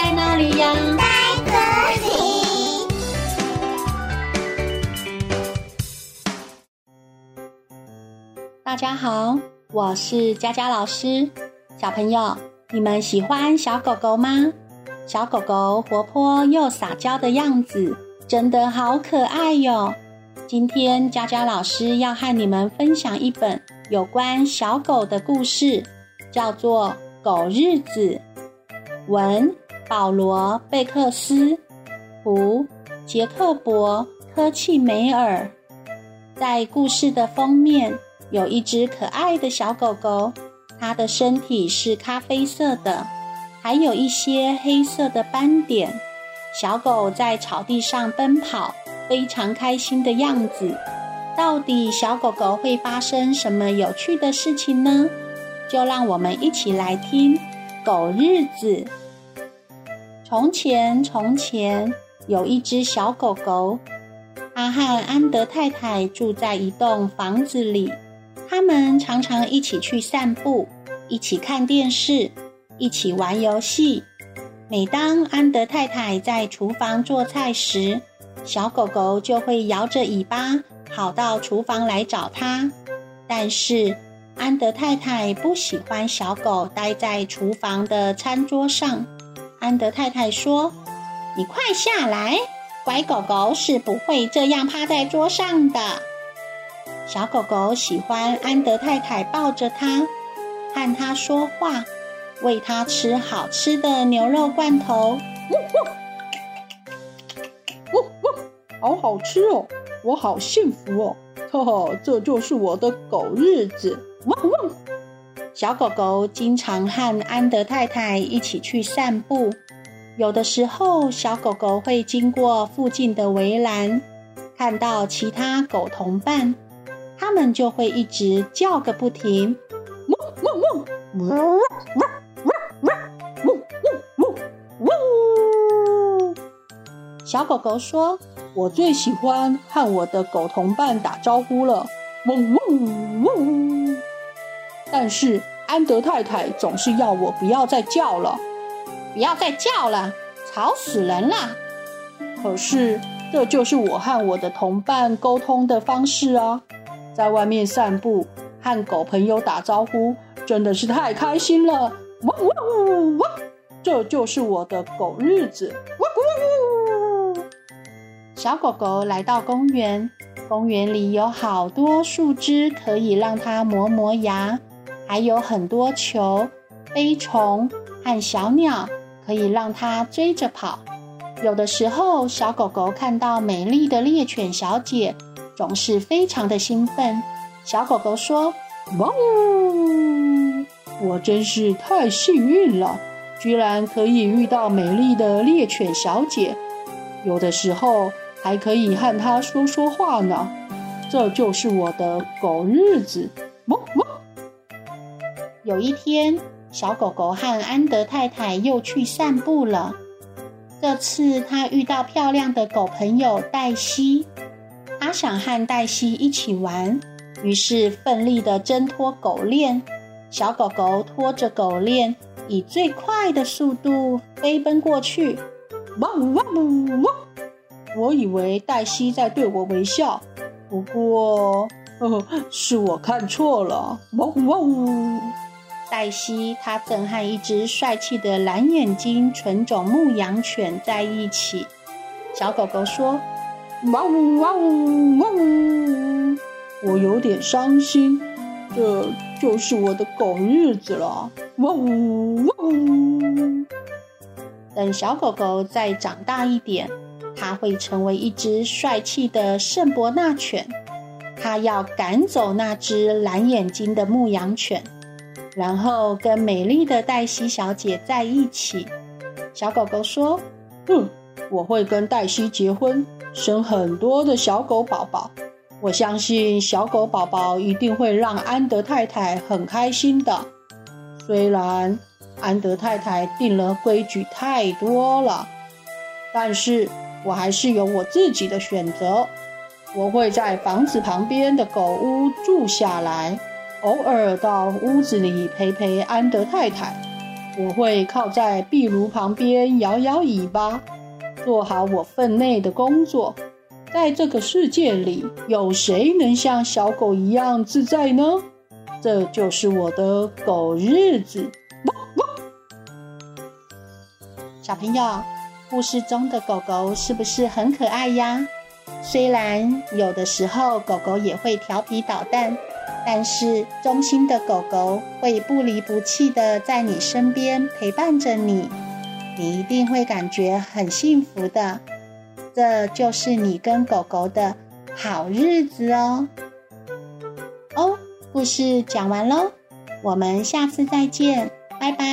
在哪裡呀？在這裡。大家好，我是佳佳老師。小朋友，你們喜歡小狗狗嗎？小狗狗活潑又撒嬌的樣子，真的好可愛喲、哦。今天佳佳老師要和你們分享一本有關小狗的故事，叫做《狗日子》文。保羅·貝克斯，胡傑克伯·科契梅爾。在故事的封面有一隻可愛的小狗狗，它的身體是咖啡色的，還有一些黑色的斑點。小狗在草地上奔跑，非常開心的樣子。到底小狗狗會發生什麼有趣的事情呢？就讓我們一起來聽《狗日子》。從前，從前有一隻小狗狗。它和安德太太住在一棟房子裡，他們常常一起去散步，一起看電視，一起玩遊戲。每當安德太太在廚房做菜時，小狗狗就會搖着尾巴跑到廚房來找它。但是，安德太太不喜歡小狗待在廚房的餐桌上。安德太太說：“你快下來，乖狗狗是不會這樣趴在桌上的。”小狗狗喜歡安德太太抱着它，和它說話，餵它吃好吃的牛肉罐頭。汪汪，汪汪，好好吃哦！我好幸福哦！哈哈，這就是我的狗日子。汪汪。小狗狗經常和安德太太一起去散步。有的時候，小狗狗會經過附近的圍欄，看到其他狗同伴，它們就會一直叫個不停。汪汪汪！汪汪汪汪！汪汪汪！小狗狗說：“我最喜歡和我的狗同伴打招呼了。”汪汪汪！但是安德太太總是要我不要再叫了，不要再叫了，吵死人了。可是這就是我和我的同伴溝通的方式啊！在外面散步，和狗朋友打招呼，真的是太開心了。汪汪汪！這就是我的狗日子。汪汪汪！小狗狗來到公園，公園裡有好多樹枝，可以讓它磨磨牙。還有很多球、飛蟲和小鳥，可以讓它追着跑。有的時候，小狗狗看到美麗的獵犬小姐，總是非常的興奮。小狗狗說：“哇嗚，我真是太幸運了，居然可以遇到美麗的獵犬小姐。有的時候還可以和它說說話呢。這就是我的狗日子。汪汪”有一天，小狗狗和安德太太又去散步了。這次，它遇到漂亮的狗朋友黛西。它想和黛西一起玩，於是奮力地掙脫狗鏈。小狗狗拖着狗鏈，以最快的速度飛奔過去。汪汪，我以為黛西在對我微笑，不過，呵呵，是我看錯了。汪汪嗚！黛西，它正和一隻帥氣的藍眼睛純種牧羊犬在一起。小狗狗說：“哇嗚哇嗚哇嗚，我有點傷心，這就是我的狗日子了。哇嗚哇嗚”哇嗚哇嗚。等小狗狗再長大一點，它會成為一只帥氣的聖伯納犬。它要趕走那隻藍眼睛的牧羊犬。然後跟美麗的黛西小姐在一起，小狗狗說：“嗯，我會跟黛西結婚，生很多的小狗寶寶。我相信小狗寶寶一定會讓安德太太很開心的。雖然安德太太定了規矩太多了，但是我還是有我自己的選擇。我會在房子旁邊的狗屋住下來。”偶爾到屋子裡陪陪安德太太，我會靠在壁爐旁邊搖搖尾巴，做好我份內的工作。在這個世界裡，有誰能像小狗一樣自在呢？這就是我的狗日子。小朋友，故事中的狗狗是不是很可愛呀？雖然有的時候狗狗也會調皮搗蛋。但是忠心的狗狗會不離不棄的在你身邊陪伴着你，你一定會感覺很幸福的，這就是你跟狗狗的好日子哦。哦，故事講完嘍，我們下次再見，拜拜。